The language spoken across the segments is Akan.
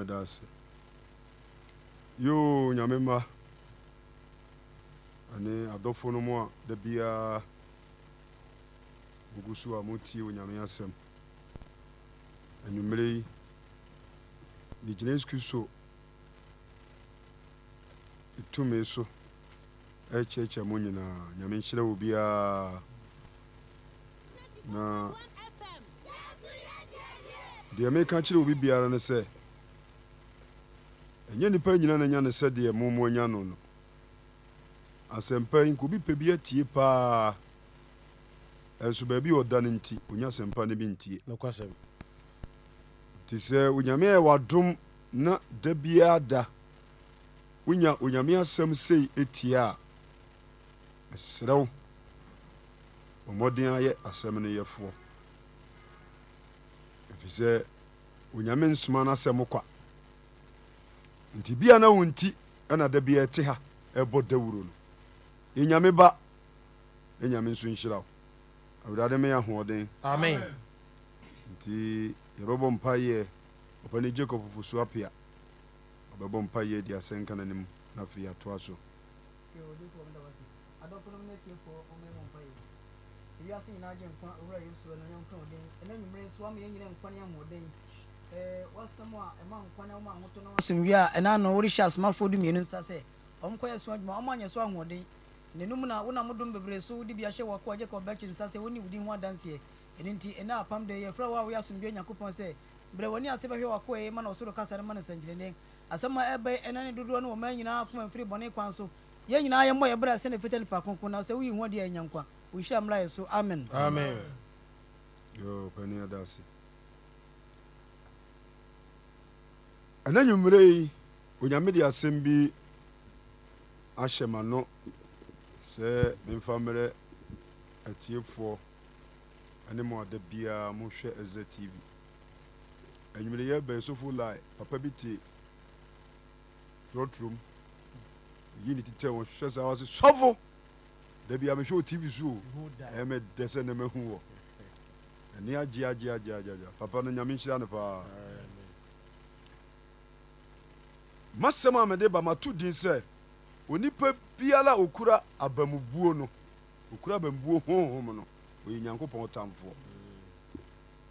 nyame da ase yoo nyame mma ane adɔfo no mu a da biara mugu so a motie wɔ nyame asɛm anwummerɛ yi megyina yesu kristo tumi so ɛkyɛkyɛ mo nyinaa nyame nhyerɛ wɔ biara na deɛ meka kyerɛ obi biara ne sɛ ɛnyɛ nipa nyinaa na nya no sɛdeɛ momo anya no no asɛmpa yi nka obi pɛ bi atie paa ɛnso baabi ɔda no nti onya asɛmpa no bi ntie nti sɛ onyame a wadom na da biara da wonya onyame asɛm sei ɛtie a ɛserɛ wo ɔmmɔden ayɛ asɛm no yɛfoɔ ɛfiri sɛ onyame nsoma no asɛm kwa nti bia na wo nti ɛna da bia ha ɛbɔ dawuro no ɛnyame ba ɛnyame nso nhyira wo awurade me ahoɔden amen nti yɛbɛbɔ mpayɛ ɔpane jacob fosu apia ɔbɛbɔ mpayɛ di asɛnka no na afei atoa so wiase nyinaa gye nkwa owura yesu ɛno yɛnkra ɔden ɛna nwummerɛ nso ama yɛn Eh, asomdwe a ɛna no worehyɛ asomafoɔ du mmienu nsa sɛ ɔmkɔyɛ so adwuma ɔma anyɛ so ahoɔden nanum na wonam wodom bebree so wode biahyɛ wakɔ agye ka ɔbɛkye nsa sɛ wone wodi ho adanseɛ ɛno nti ɛna apam de yɛfrɛ wo a woyɛ asomdwe nyankopɔn sɛ brɛ w'ani ase bɛhwɛ wakɔɛ ma na ɔsoro kasa no ma no nsɛnkyerɛnneɛ asɛm a ɛbɛn ɛna ne dodoɔ no wɔ ma nyinaa koma mfiri bɔne kwan so yɛn nyinaa yɛmmɔ yɛbrɛ sɛ ne fɛtɛ nipa kronkron na sɛ woyi ho adeɛ ɛnyankwa wohyira mmra yɛ so amen amen yo pani ɛna nwummerɛ yi onyame de asɛm bi ahyɛ m'ano sɛ memfa mmerɛ atiefoɔ ne mo ada biara mohwɛ ɛza tv anwumere yɛ bɛnsofo papa bi te trɔtrom yi ne titɛ wɔn hwɛ saa wɔse sɔfo da bia mehwɛ o tv so o ɛyɛ mɛ dɛ sɛ nɛ mahu wɔ ɛne agye agye agye agye papa no nyame nhyira no paa masɛm a mede ba mato din sɛ onipa biara okura abamubuo no okura abamubuo honhom no ɔyɛ nyankopɔn tamfoɔ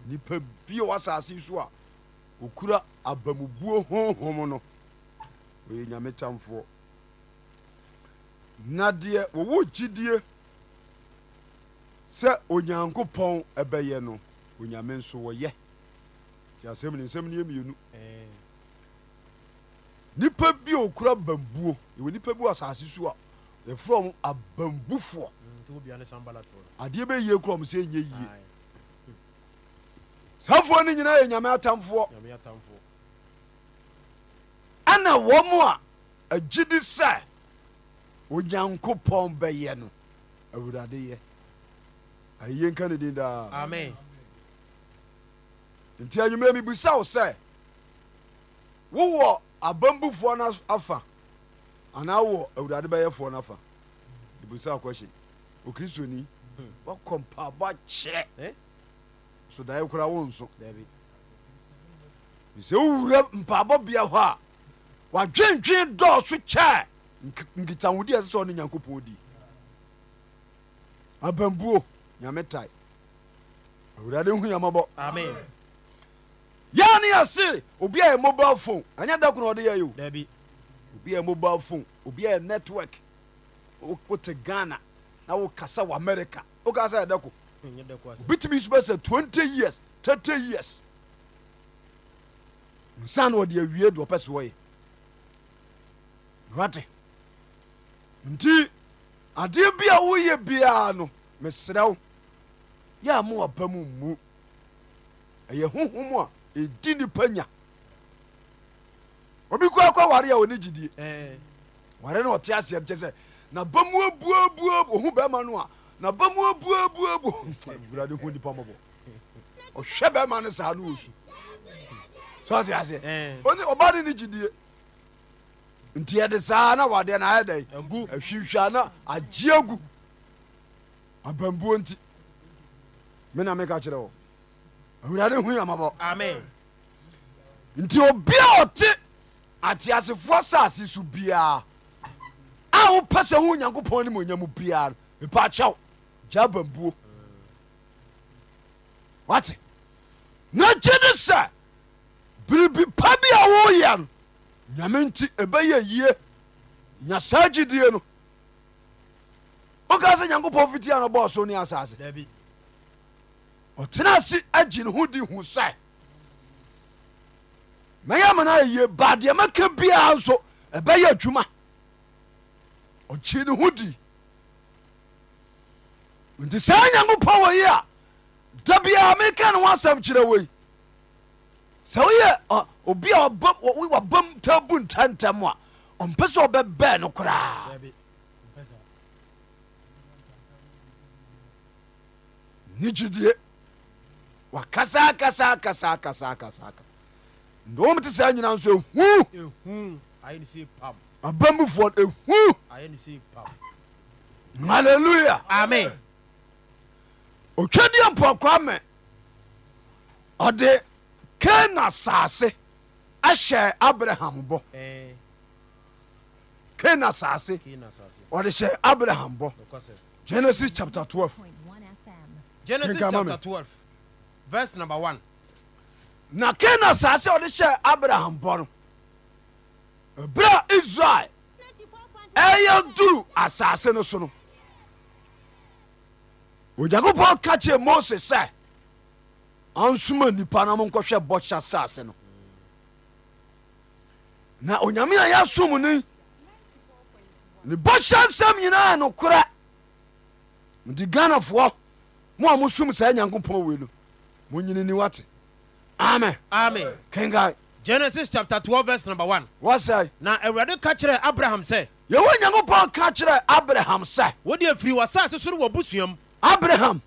nipa bia wɔ asase so a okura abamubuo honhom no ɔyɛ nyame tamfoɔ na deɛ wɔwɔ gyidie sɛ onyankopɔn ɛbɛyɛ no onyame nso wɔyɛ nti asɛm ne nsɛm no yɛ mmienu nipa bi a okura bambuo ewu nipa bi wɔ asase so a efura wɔn abambufoɔ mm, adeɛ bɛ yie kura wɔn sɛ enye yie sáfoɔ ne nyinaa yɛ nyame atamfoɔ ɛna wɔn a agyidi sɛ onyankopɔn bɛyɛ no awurade yɛ ayie nka ne din daa nti anwummerɛ mibusa wo sɛ wowɔ abambufoɔ no afa anaa wɔ awurade bɛyɛfoɔ no afa ibusa akɔhyɛ okristoni hmm. wakɔ mpaabɔ kyɛ eh? so daeɛ koraa wo nso sɛ wowura mpaabɔ bea hɔ a wadwendwen dɔɔso kyɛɛ nkitawodi ɛsɛ sɛ ɔne nyankopɔn di abambuo nyame tae awurade hu yamabɔ yɛa ne yɛse obi a yɛ mobile phone anya da ko na ɔde yɛ yo dabi obi a yɛ mobile phone obi a yɛ network wote ghana na wokasa wɔ america wokasa yɛ da ko obitumi so bɛsɛ 20 years thirty years nsa na ɔde awie de ɔpɛ sɛ wɔyɛ wate nti adeɛ bi a woyɛ biara no mesrɛ wo yɛ a mo waba mu mmu ɛyɛ honhom a edi nipa nya obi kura kɔ ware a wɔne gyidie eh. ware no ɔte aseɛ nkyɛ sɛ na bamu abuabua ohu bɛrima no a na bamu abuabuabu wurade ho nipa mɔbɔ ɔhwɛ bɛrima no saa no wɔsu sɛ ɔte aseɛ eh. ɔba ne ne nti saa na wadeɛ na ayɛ dɛn ahwihwa na agye abambuo nti mena kyerɛ nti obiaa ɔte ateasefoɔ asaase so biara a wopɛ sɛhu nyankopɔn anom ɔnyamu biara n ɛpɛ akyɛw gya babuo wte nakye ne sɛ biribi pa bi a woyɛ n nyame nti bɛyɛ yie nyasaa gyidiɛ no wokaa sɛ nyankopɔn fitia no bɔɔsone asase ɔtenaasi agye ne ho di ho sae mɛyɛ meno ye ba deɛ mɛkɛ biara nso bɛyɛ adwuma ɔkyii ne ho di nti saa nyankopɔn wɔ yi a da biaa meka ne wo asɛm kyerɛ weyi sɛ woyɛa ntɛntɛm a ɔmpɛsɛ ɔbɛbɛ no koraa wkasa kasakaaaa nde wɔmte sa nyinanso hu abbfo hualeluya ami otwadeɛ mpɔ koa mɛ ɔde cana sase ahyɛɛ abraham bɔ cana sase ɔde hyɛɛ abrahambɔ genesis chapta 12 s na ke na asaase ɔde hyɛ abraham bɔ no berɛ israel ɛyɛ duru asase no so no onyankopɔn ka kyeɛ mose sɛ ɔnsoma nnipa no mo nkɔhwɛ bɔ syɛ sase no na onyame ayɛasomno ne bɔsyɛ nsɛm nyinanokorɛ mede ghanafoɔ ma a moso m sa nyankopɔn wei no munyini ni wate amen amen kenkae genesis chapter 12 verse number 1 wɔsɛe na awurade ka kyerɛɛ abraham sɛ yɛwɔ nyankopɔn ka kyerɛɛ abraham sɛ wode afiri w'asase so ne w'abusuam abraham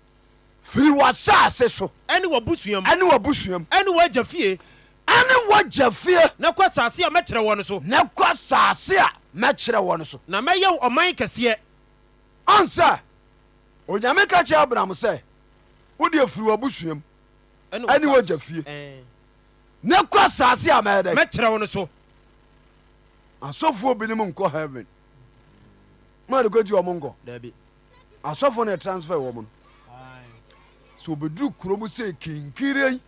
firi w'asase so ɛne w'abusuam ɛne w'abusuam ɛne w'agya fie ɛne w'agya fie na kɔ asase a mɛkyerɛ wɔ no so na kɔ asase a mɛkyerɛ wɔ no so na mɛyɛ wo ɔman kɛseɛ ɔn sɛ onyame ka kyerɛ abraham sɛ wode afiri w'abusuam ɛne wɔgya fie ne kɔ asase a mɛyɛ dɛmɛkyerɛ wo no so asɔfoɔ binom nkɔ heaven made kɔgyi ɔmo nkɔ daabi asɔfoɔ no ɛtransfer wɔ mo no sɛ obɛduru kuro mu sɛ kinkiri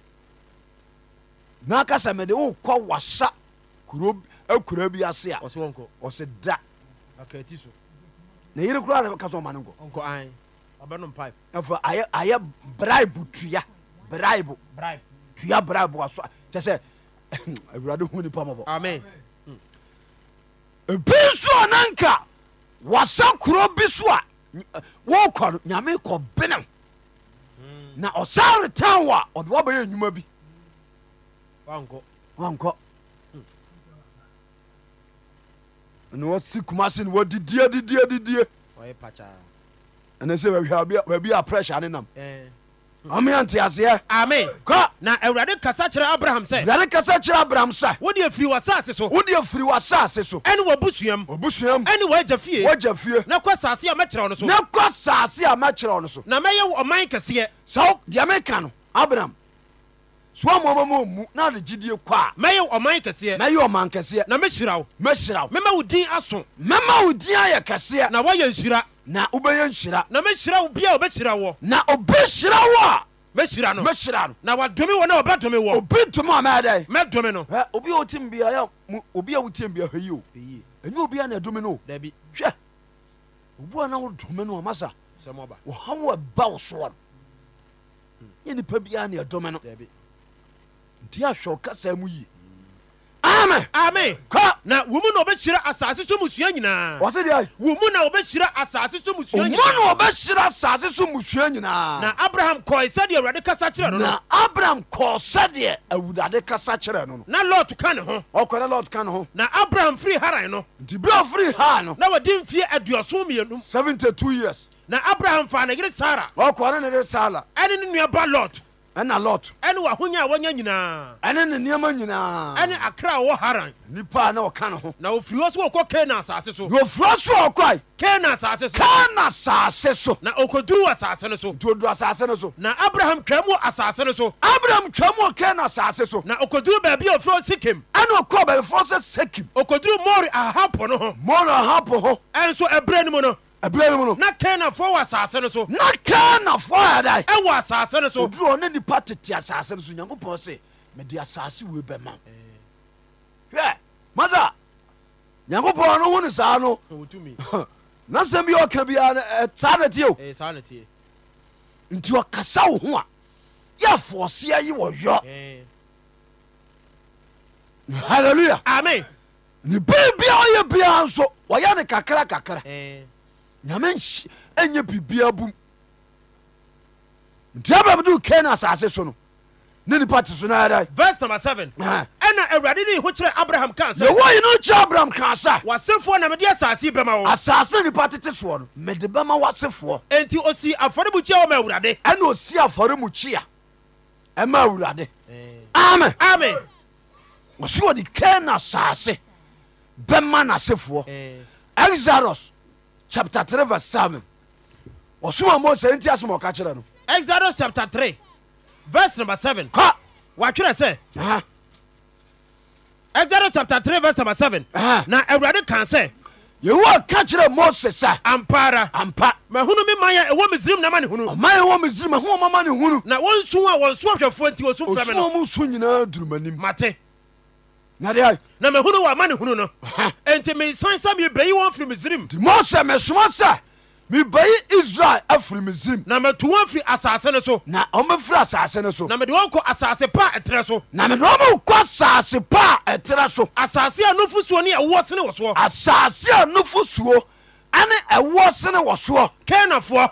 na aka sɛ mede wokɔ wasa kuro akura bi ase a ɔse da na yere koraa ne ka sɛ ɔma no nkɔ ɛfa ayɛ brae butua bribe bribe tua bribe wa so kyɛ sɛ awurade hu nipa mɔbɔ amen ebi nso a nanka wasa kuro bi so a eh, wɔkɔ no nyame kɔ benem hmm. na ɔsan retan wɔ a ɔde wɔbɛyɛ nnwuma bi wankɔ hmm. na wɔsi kuma se no wɔdidie didie didie ɛne sɛ baabi a pressure ne nam eh ɔme anteaseɛ ame kɔ na awurade kasa kyerɛ abraham sɛ awurade kasa kyerɛ abraham sɛ wode afiri w'asase so wode afiri w'asase so ɛne w'abusuam w'abusuam ɛne w'agya fie w'agya fie na kɔ asase a mɛkyerɛw no so na kɔ asase a mɛkyerɛw no so na mɛyɛ wo ɔman kɛseɛ sɛ deɛ meka no abraham so wa mɔmɔ mɔ mu n'a de jidie kɔ a. mɛyɛ ɔman kɛseɛ. mɛyɛ ɔman kɛseɛ. na mɛ sira o. mɛ sira o. mɛmɛ o din aso. mɛmɛ o din ayɛ kɛseɛ. na wa yɛ nsira na wobɛyɛ nhyira na mɛhyira wo bia wobɛhyira wɔ na obi hyira wo a mɛhyira no mɛhyira no na wadome wɔ na wɔbɛdome wɔ obi ntom a mɛɛdɛ mɛdome no Hɛ, obi a wotim bia yɛ mu- obi a wotim bia hɛ yio ɛyie ɛnyɛ obi a na ɛdome no dabi hwɛ obi a na wodome no a masa sɛ mɔba wɔhaw wo ɛba wo soɔ no hmm. nyɛ nipa biaa na ɛdome no dabi nti ahwɛ wo mu yie amen. amen. kọ́. na wò mu na ọbẹ̀ hyira asase so musua nyinaa. wọ́n sẹ́dí ayé. wò mu na ọbẹ̀ hyira asase so musua nyinaa. wò mu na ọbẹ̀ hyira asase so musua nyinaa. na abraham kọ́ sẹ́díẹ̀ awurade kasa kyerɛ no. na abraham kọ́ sẹ́díẹ̀ awurade kasa kyerɛ no. na Lord, ka ne ho. ọkọ na lọ́ọ̀t ka ne ho. na abraham firi haran no. nti bí a firi haran no. na wà di nfiɛ aduɔson mmienu. seventy two years. na abraham fa ne yere sara. ọkọ ne ne yere sara. ɛne ne nuaba lọ́ọ̀t ɛna lot ɛne wahonya a wɔnya nyinaa ɛne ne nneɛma nyinaa ɛne akra a wɔwɔ haran nipa a na ɔka ne ho na ofiri hɔ so wɔkɔ kana asase so na ofiri hɔ so ɔkɔe kana asase so kana asase so na ɔkɔduru asase no so nti ɔduru asase no so na abraham twam wɔ asase no so abraham twam wɔ kana asase so na ɔkɔduru baabi a ɔfrɛ sikim ɛne ɔkɔɔ baabifoɔ sɛ sekim ɔkɔduru mori ahapo no ho mori ahapo ho ɛnso ɛberɛ no mu no ɛberɛ no mu no na kanafoɔ wɔ asase no so na kanafoɔ ɛdae ɛwɔ asase no so ɔduru ɔne nipa tete asase no so nyankopɔn se mede asase wei bɛma hwɛ masa nyankopɔn no ho ne saa no na sɛm bi ɔka biara saa na tie o nti ɔkasa wo ho a yɛafoɔseɛ yi wɔ yɔ halleluya amen ne bɛ biara ɔyɛ biara nso wɔyɛ ne kakra kakra nyame ɛnyɛ biribia bum nti abraham de kain asase so no ne nipa te so nada verse number seven ɛna awurade ni ho kyerɛ abraham kaa sɛ yɛwɔ yi no abraham kaa sa wasefoɔ na mede asase yi bɛma wo asase na nipa tete soɔ no mede bɛma wasefoɔ enti osi afɔremukyia wɔ ma awurade ɛna osi afɔremukyia ɛma awurade amen amen wɔse wɔde kain asase bɛma n'asefoɔ exodus chapter three verse 7 ɔsoma mose nti asɛm ɔka kyerɛ no exodus chapter three, verse number seven. 7 ka wɔatwerɛ sɛ exodus chapter three, verse number 7 na awurade kaa sɛ yehowa ka kyerɛ mose sɛ ampa ara ampa mahunu me mayɛ ɛwɔ misrim na ma ne hunu ɔma ɛwɔ misrim ahomamama ni hunu na wɔnsu a wɔnso ahwɛfoɔ nti wɔsu frɛ me no mu su nyinaa durumanim mate nadeɛ na mahunu wɔ ama ne hunu no enti mensan sɛ mebayi wɔn firi misrim nti mose mesoma sɛ mebayi israel afiri misrim na matu wɔn firi asase no so na ɔmɛfiri asase no so na mede wɔn kɔ asase pa a ɛtrɛ so na mede ɔmo kɔ asase pa a ɛtrɛ so asase a nofosuo ne ɛwoɔ sene wɔ soɔ asase a nofosuo ane ɛwoɔ sene wɔ soɔ kanafoɔ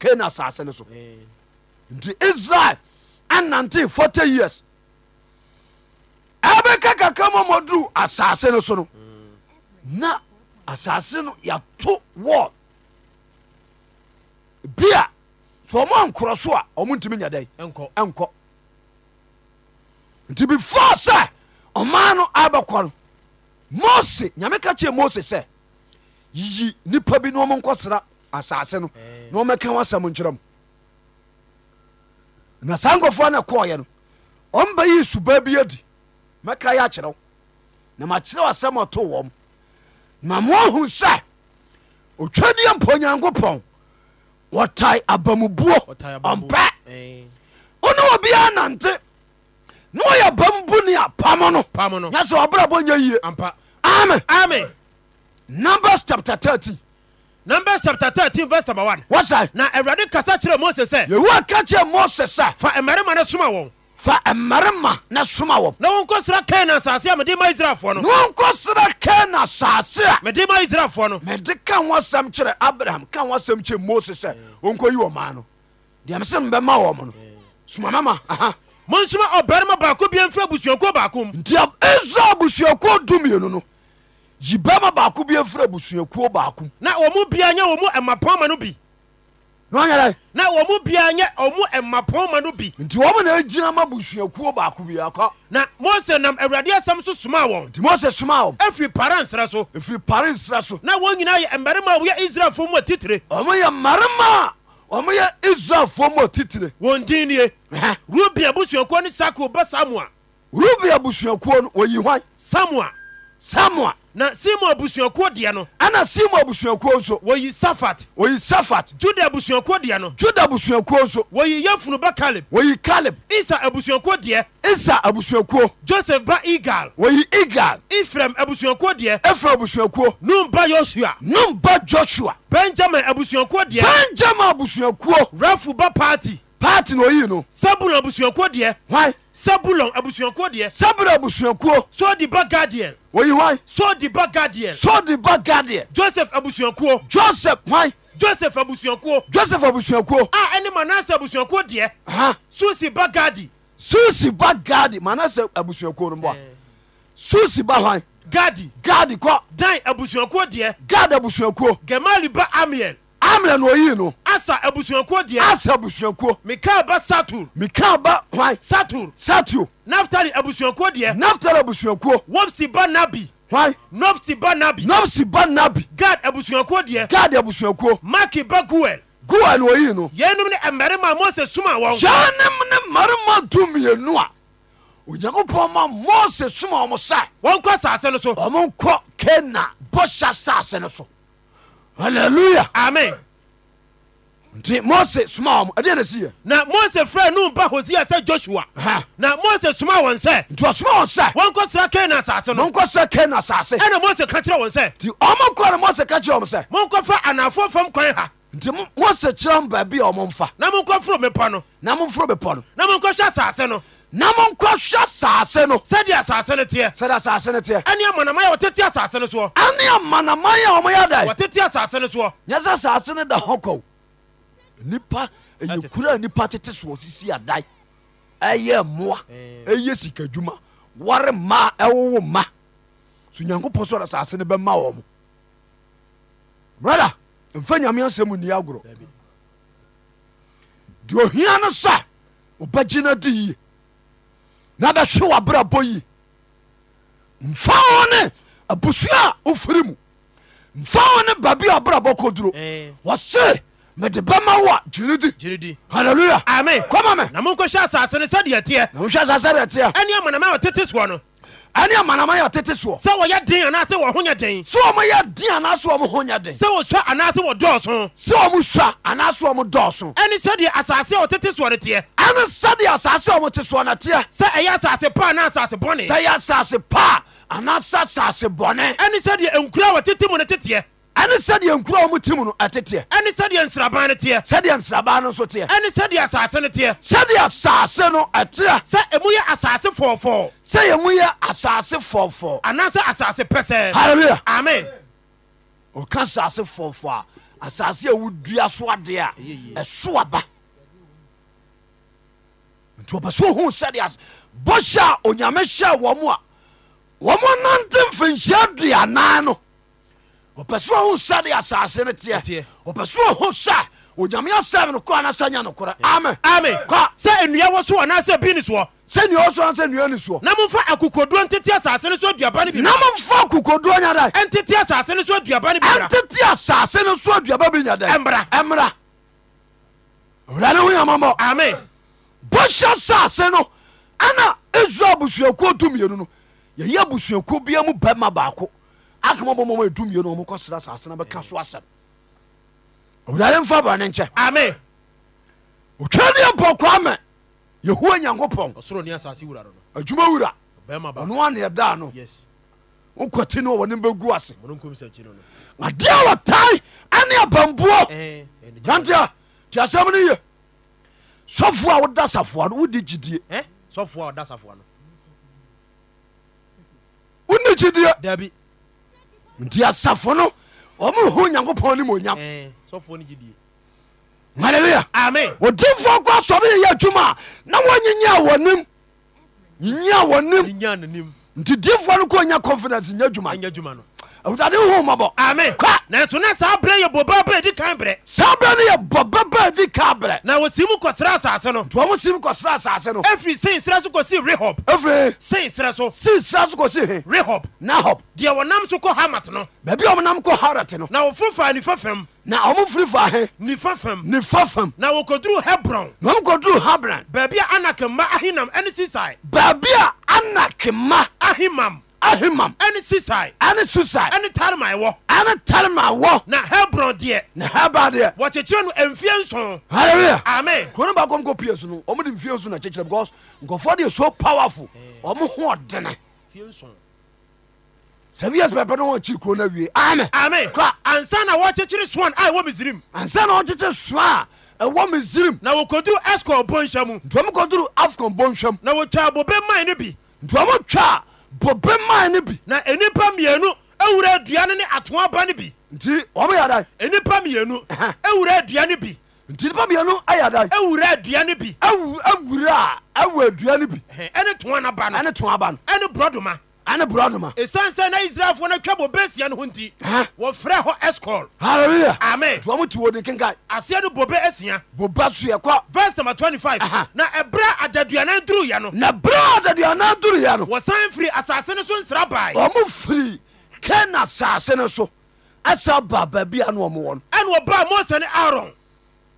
kan asase no so nti israel anante f0 years ɛbɛka kaka mumɔduro asase no so no na asase no yɛto wa bia sɛ ɔma ankorɔ so a ɔmo ntim nyadan nkɔ nti bifo sɛ ɔma no abɛkɔ no mose nyameka kyeɛ mose sɛ yi nnipa bi no ɔma nkɔ sra asase no na ɔmɛka wasɛm nkyerɛm na saa nkɔfoɔ no ɛkɔɔyɛ no ɔmba yi subaa bi adi mɛka yɛ akyerɛw na makyerɛw asɛm ɔto wɔm ma moahu sɛ otwadeɛ mpa onyankopɔn wɔtae abamubuo ɔmpɛ wone wɔbiaa nante na wɔyɛ bamubu ne a pam no nyɛ sɛ ɔbrabɔ nya yie ame numbers chapter 13 numbers chapter thirteen verse number one. wasa. na awurade kasa kyerɛ mose sɛ. yehowa ka kyerɛ mose sɛ. fa mmarima no soma wɔn. fa mmarima na soma wɔm na wɔnkɔ sra kana asase a Di ma israelfoɔ no na wɔnkɔ sra kana asase a mede ma israelfoɔ no mede ka ho asɛm kyerɛ abraham ka ho asɛm kyerɛ mose sɛ wɔnkɔyi wɔ maa no deɛ mese mebɛma wɔ m no somamama aha monsoma ɔbarima baako bia mfiri abusuakuo baako m nti israel abusuakuo dumienu no yi bɛma baako bi afiri abusuakuo baako na wɔn mu bia nyɛ wɔn mu mmapɔma no bi na ɔnyɛ dɛ na wɔn mu bia nyɛ wɔn mu mmapɔma no bi nti wɔn na egyina ma abusuakuo baako bi akɔ na mose nam awurade asɛm so suma wɔn nti mose suma wɔn efiri paran nsira so efiri paran nsira so na wɔn nyinaa yɛ mmarima a wɔyɛ israelfoɔ mu atitire wɔn yɛ mmarima a wɔn yɛ israelfoɔ mu atitire wɔn din nie rubi abusuakuo ne sakio bɛ samoa rubi abusuakuo no wɔyi hwan samoa samoa na simon abusuakuo deɛ no ɛna simon abusuakuo nso wɔyi safat wɔyi safat juda abusuakuo deɛ no juda abusuakuo nso wɔyi yafunu ba kaleb wɔyi kaleb isa abusuakuo deɛ isa abusuakuo joseph ba igal wɔyi igal efraim abusuakuo deɛ efraim abusuakuo num ba yosua num ba joshua benjamin abusuakuo deɛ benjamin abusuakuo rafu ba paati paati na oyi no sabulon abusuakuo deɛ Why? Sebulon abusuakuo deɛ. Sebulon abusuakuo. Sodi ba Gadiel. Oyi wáyé. Sodi ba Gadiel. di ba Gadiel. Joseph abusuakuo. Joseph wáyé. Joseph abusuakuo. Joseph abusuakuo. A ɛne Manase abusuakuo deɛ. Susi ba Gadi. Susi ba Gadi Manase abusuakuo no bɔ a. Eh. Susi ba wáyé. Gadi. Gadi kɔ. Dan abusuakuo deɛ. Gadi abusuakuo. Gemali ba Amiel amla na oyii no asa abusuakuo deɛ asa abusuakuo mika ba satur mika ba hwan satur satio naftali abusuakuo deɛ naftali abusuakuo wofsi ba nabi why? nofsi ba nabi nɔpsi ba nabi gad abusuakuo deɛ gad abusuakuo maki ba guel goa na oyii no yeinom ne mmarima a mose soma wɔn saa ne m ne mmarima dumienu a onyankopɔn ma mose soma ɔmo sɛ wɔnkɔ asase no so ɔmo nkɔ kana bɔhyɛ asase no so halleluya amen nti mose soma wɔm ɛdeɛ na siyɛ na mose frɛ num ba hosea sɛ joshua na mose soma wɔn sɛ nti ɔsoma wɔn sɛ wɔnkɔ sra kana asase no monkɔ sɛ kana asase ɛna mose ka kyerɛ wɔn sɛ nti ɔmokɔ no mose ka kyerɛ mo sɛ monkɔfa anafoɔ fam kwan ha nti mose kyerɛ m baabi a ɔmo mfa na monkɔforo mepɔ no na momforo mepɔ no na monkɔhwɛ asase no na monkɔhwɛ asase no sɛdeɛ asase no teɛ sɛdeɛ asase no teɛ ɛne amanaman a wɔtete asase no soɔ ɛne amanaman a ɔmo yɛ da wɔtete asase no soɔ nyɛ sɛ asase no da hɔ kɔw nipa ɛyɛ kura nipa tete soɔ sisi adan ɛyɛ mmoa ɛyɛ eh. sika dwuma wɔre mmaa ɛwowo mma so nyankopɔn sɔrɔ asase no bɛma wɔn brada mfa nyame asɛm ni agorɔ deɛ ohia no sa wɔbɛgye no di yie na bɛhwe wabrabɔ yie mfa wo ne abusua a mu mfa wo ne baabi a wabrabɔ kɔduro eh. wɔse mede bɛma wo a gyiredi Hallelujah. ame kɔma me na monkɔhyɛ asase no sɛdeɛ teɛ na mohwɛ asase deɛ teɛ ɛne amanama a ɔtete soɔ no ɛne amanama yɛ ɔtete soɔ sɛ wɔyɛ den anaasɛ wɔho nyɛ den sɛ ɔmoyɛ den anaasɛ ɔmo ho nyɛ den sɛ wɔsua anaasɛ wɔdɔɔso sɛ ɔmo sua anaasɛ ɔmo dɔɔso ɛne sɛdeɛ asase a ɔtete soɔ no teɛ ɛne sɛdeɛ asase a ɔmote asase pa ana asase bɔne sɛ ɛyɛ asase pa anaasɛ asase bɔne ɛne sɛdeɛ nkura a wɔtete mu ɛne sɛdeɛ nkura a wɔmotim no ɛteteɛ ɛne sɛdeɛ nsraban no teɛ sɛdeɛ nsraba no nso teɛ ɛne sɛdeɛ asase no teɛ sɛdeɛ asase no ɛteɛ sɛ ɛmu yɛ asase fɔɔfɔɔ sɛ yɛmu yɛ asase fɔɔfɔɔ anaasɛ asase pɛsɛɛ halleluya amen ɔka asase fɔɔfɔɔ a asase a wodua so adeɛ a ɛso aba nti ɔpɛ sɛ ohu sɛdeɛ bɔhyɛ a onyame hyɛ wɔ mu a wɔmo nante mfinhyia duanan no ɔpɛ sɛ ɔhu sɛde asase no teɛ ɔpɛ sɛ ɔhu sɛ onyame asɛm no kɔ anasɛ nya nokorɛ ame ame kɔ sɛ nnua wɔ so anaasɛ bi ne soɔ sɛ nnua wɔ so anasɛ nnua ne soɔ na momfa akokoduo ntete asase no so aduaba no bi na momfa akokoduo nya dɛ ɛntete asase no so aduaba no bi asase no so aduaba bi nya dɛ ɛmmra ɛmmra owura ne ho yamamɔ ame bɔhyɛ asase no ana israel abusuakuo dumienu no yɛyɛ abusuakuo bia bɛma baako msrsaɛaɛɛ twa neɛ pɔ koamɛ yhoa nyankopɔawawrananea noktnn aseadetae aneabanbuoasɛnysfoɔa wodafo nti asafo no ɔmoho nyankopɔn nim onyam eh, halleluya odimfoɔ kɔ asɔre yɛyɛ adwuma a na wɔnyenyaa wɔnim nyenyaa wɔnim nti dimfoɔ no kɔ nya confidence nya adwuma awurade hu mɔbɔ ami kɔ nanso na saa berɛ yɛ bɔba bɛɛ di kan berɛ saa berɛ no yɛ bɔba bɛɛ di kan berɛ na wɔ sim kɔsra asase no nti wɔn sim kɔsra asase no efiri sin sira so kɔsi rehob efiri sin sira so sin sira so kɔsi hin rehob nahob deɛ wɔnam so kɔ hamat no baabi a wɔnam kɔ harat no na wɔfo fa nifa fam na ɔmo firi fa he nifa fam nifa fam na wɔkɔduru hebron na ɔmo kɔduru hebron baabi a anak ahinam ɛne sisai baabi a anak ahimam ahimam ɛne sisai ɛne susai ɛne tarma ɛwɔ ɛne tarma wɔ na hebron deɛ na heba deɛ wɔkyekyerɛ no mfie nson hallelujah amen kuro ba kɔm kɔ pie so no ɔmo de mfie nson na kyekyerɛ because nkɔfoɔ deɛ so powerful ɔmo eh. ho ɔdene sɛbias bɛpɛ no wɔkyi kuro no awie amen amen kɔ ansa na wɔkyekyere soan a ɛwɔ misrim ansa na wɔkyekyere soa a ɛwɔ misrim na wɔkɔduru escon bɔnhwɛ mu nti ɔmo kɔduru afcon bɔnhwɛ mu na wɔtwa bobe man no bi nti ɔmo twa bobe ma no bi na ɛnipa mmienu awura adua ne atoa ba no bi nti ɔmyɛ da ɛnipa mmienu awura adua no bi nti nipa mmienu da bi a awa adua bi ɛne toa no ba no ɛne toa ba no ɛne borɔdoma ane borɔ noma ɛsiane sɛ na israelfoɔ no twa bobesia no ho nti wɔfrɛ hɔ escol halleluya amen tuwa mo ti wo de kenkan aseɛ no bobe asia boba so yɛ kɔ verse number 25 Aha. na ɛberɛ adaduanan duruyɛ no na berɛ adaduana duruyɛ no wɔsan firi asase no so nsra bae ɔmo firi kana asase no so asa ba baabi a ne ɔmowɔ no ɛne wɔbaa mose ne aaron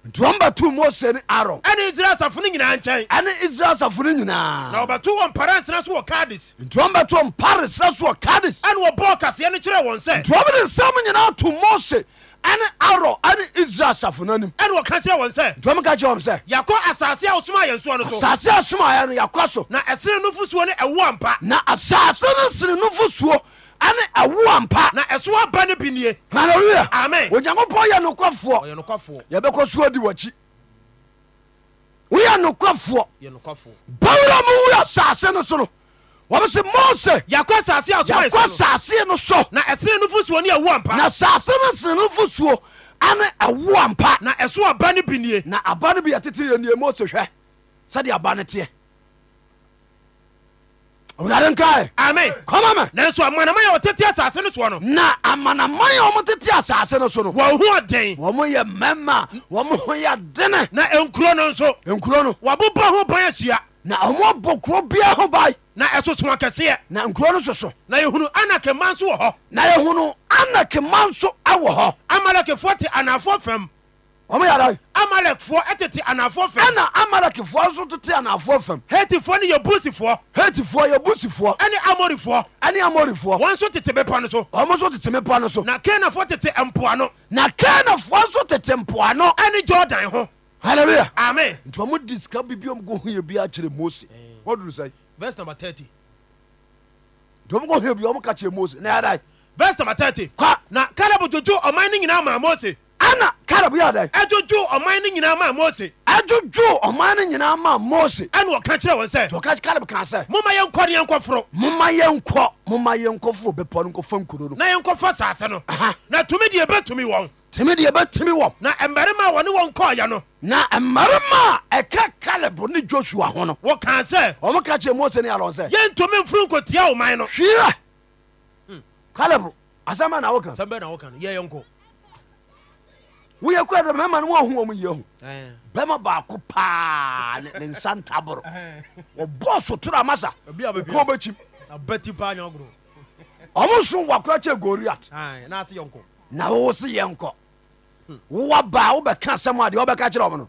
ndoɔm bɛtoo mose ne aron ne israel asafo no nyinaa nkyɛn ɛne israel asafo no nyinaana ɔbɛto wɔ mparansena so wɔ kadic nm bɛto ɔmpare sena so wɔ kardis ne wɔbɔkaseɛ no kyerɛ wɔn sɛdoɔm ne nsɛm nyinaa to mose ne aron ne israel asafo no anim ne wɔka kyerɛ wɔn sɛ ndmka kye wn sɛ yakɔ asase a wosomaayɛ nsoɔ no soasase aosomayɛ no yakɔ so na ɛsene no fosuo ne ɛwoa mpa na asase no nsene nomfo suo ane ɛwoa mpa na ɛso aba no bi nie hallelujah amen onyankopɔn yɛ nokwafoɔ ɔyɛ nokwafoɔ yɛbɛkɔ so adi wakyi woyɛ nokwafoɔ yɛ nokwafoɔ bawura mu wura asase no so no wɔbɛsɛ mose yɛkɔ asase yɛkɔ asase no so na ɛsene no fosuo ne ɛwoa mpa na asase no sene no fosuo ane ɛwoa mpa na ɛso aba no bi nie na aba no bi yɛtete yɛ nie mose hwɛ sɛdeɛ aba no teɛ awurade nkae ami kɔma mɛ nanso amanaman yɛ ɔtete asase no soɔ no na amanaman yɛ ɔmo tete asase no so no wɔn ho ɔden wɔn yɛ mɛma wɔn ho yɛ dene na nkuro no nso nkuro no wɔabobɔ ho ban ahyia na ɔmo bɔ kuro bia ho ban na ɛsoso akɛseɛ na nkuro no soso na yɛhunu anake ma nso wɔ hɔ na yɛhunu anake ma nso awɔ hɔ amalekefoɔ te anafoɔ fam wɔn yàrá. amalekfoɔ ɛtete anafoɔ fam. ɛna amalekfoɔ nso tete anafoɔ fam. hetifoɔ ni yebusifoɔ. hetifoɔ yebusifoɔ. ɛni amorifoɔ. ɛni amorifoɔ. wɔn nso tete bepɔ no so. wɔn nso tete bepɔ no so. na kanafoɔ tete mpoano. na kanafoɔ nso tete mpoano. ɛni jordan ho. hallelujah. amen. nti wɔn di sika bibi wɔn ko hu yɛ bi akyerɛ mose. wɔn duru sɛ. verse number thirty. nti wɔn ko hu yɛ bi wɔn ka kyerɛ mose. na yàrá. verse number thirty. kɔ. na kalabu jojo ɔman ne nyinaa maa mose ɛna kaleb yɛ dɛn ɛdwodwo ɔman no nyinaa maa mose ɛdwodwo ɔman no nyinaa maa mose ɛne ɔka kyerɛ wɔn sɛ ɔka kaleb kaa sɛ momma yɛnkɔ ne yɛnkɔforo momma yɛnkɔ momma yɛnkɔforo bepɔ no nkɔfa nkuro no na yɛnkɔfa saase no na tumi deɛ bɛtumi wɔn tumi deɛ bɛtumi wɔm na mmarima a wɔne wɔn kɔɔyɛ no na mmarima a ɛka kaleb ne josua ho no wɔkaa sɛ ɔmo ka kyerɛ mose ne alɔn sɛ yɛntumi mforo nkɔtia wo man no hwea kaleb hmm. asɛm bɛ na woka sɛm na woka no yɛyɛnkɔ woyɛ kura dɛ mɛma no wɔhu wɔm yɛ hu bɛma baako paa ne nsa ntaboro wɔbɔ sotoro amasa kɔ bɛkyim ɔmo so wakora kyɛ goriat na wowo se yɛnkɔ wowɔ baa wobɛka asɛm a deɛ wobɛka kyerɛ ɔmo no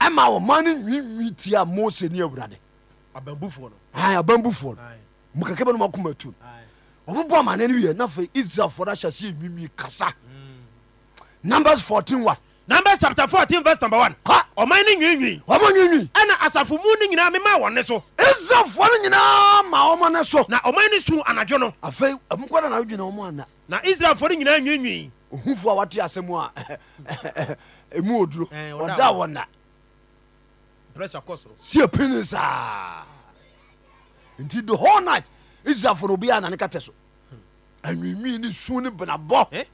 ɛma wɔma no nwinwi tia mose ne awurade abambufoɔ no mukaka bɛ no makoma tu ɔmobɔ amane no wie na afei israelfoɔ no ahyɛ sɛ nwinwi kasa numbers 14 1 numbers chapter fourteen verse number 1 kɔ ɔman no nwinwi ɔmo nwinwi ɛna asafo mu no nyinaa mema wɔn ne so israelfoɔ no nyinaa ma ɔmo ne so na ɔman no su anadwo no afei mokɔda na wodwene ɔmo ana na israelfoɔ no nyinaa nwinwi ohufoɔ a wate asɛm a ɛmu oduro ɔda wɔ na pressure kɔ soro sie pini saa nti the whole night israelfo no obi a nane katɛ so hmm. anwinwin ne sun ne benabɔ eh?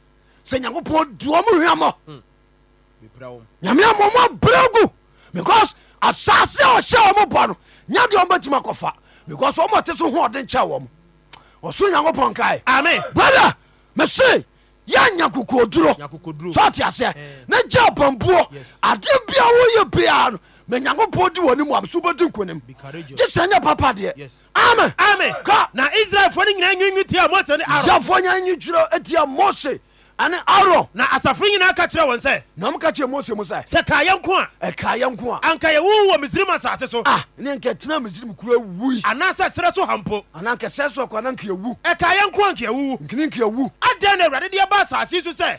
sɛ nyankopɔn di mu hwɛmɔ hmm. nyame amɔ mo abrɛ gu because asase a ɔhyɛ ɔmo bɔ no nya deɛ ɔmbɛtumi akɔfa because ɔmo ɔte so ho ɔde nkyɛ wɔ m ɔso nyankopɔn kae amen brada mese yɛ nya kokoduro sɛ ɔte aseɛ eh. na gya ɔpampuo adeɛ bia woyɛ biaa no mnyankopɔ di wanmubsobɛnkonye sɛnyɛ papa deɛ na israelfoɔ ne nyinaw ti amosnesafoɔ yawerɛ ti a mose ane aro na asafo nyinaa ka kyerɛ wɔn sɛ nama kyeɛ mos ms sɛ ka yɛnk a ɛka yɛ anka yɛwowu wɔ mesirim asase sonenkɛ ɛtena mesrim rwui anasɛ sɛrɛ so hampo anɛsɛ snɛayɛa nw adɛn nɛ awurade deɛ ba asase s sɛ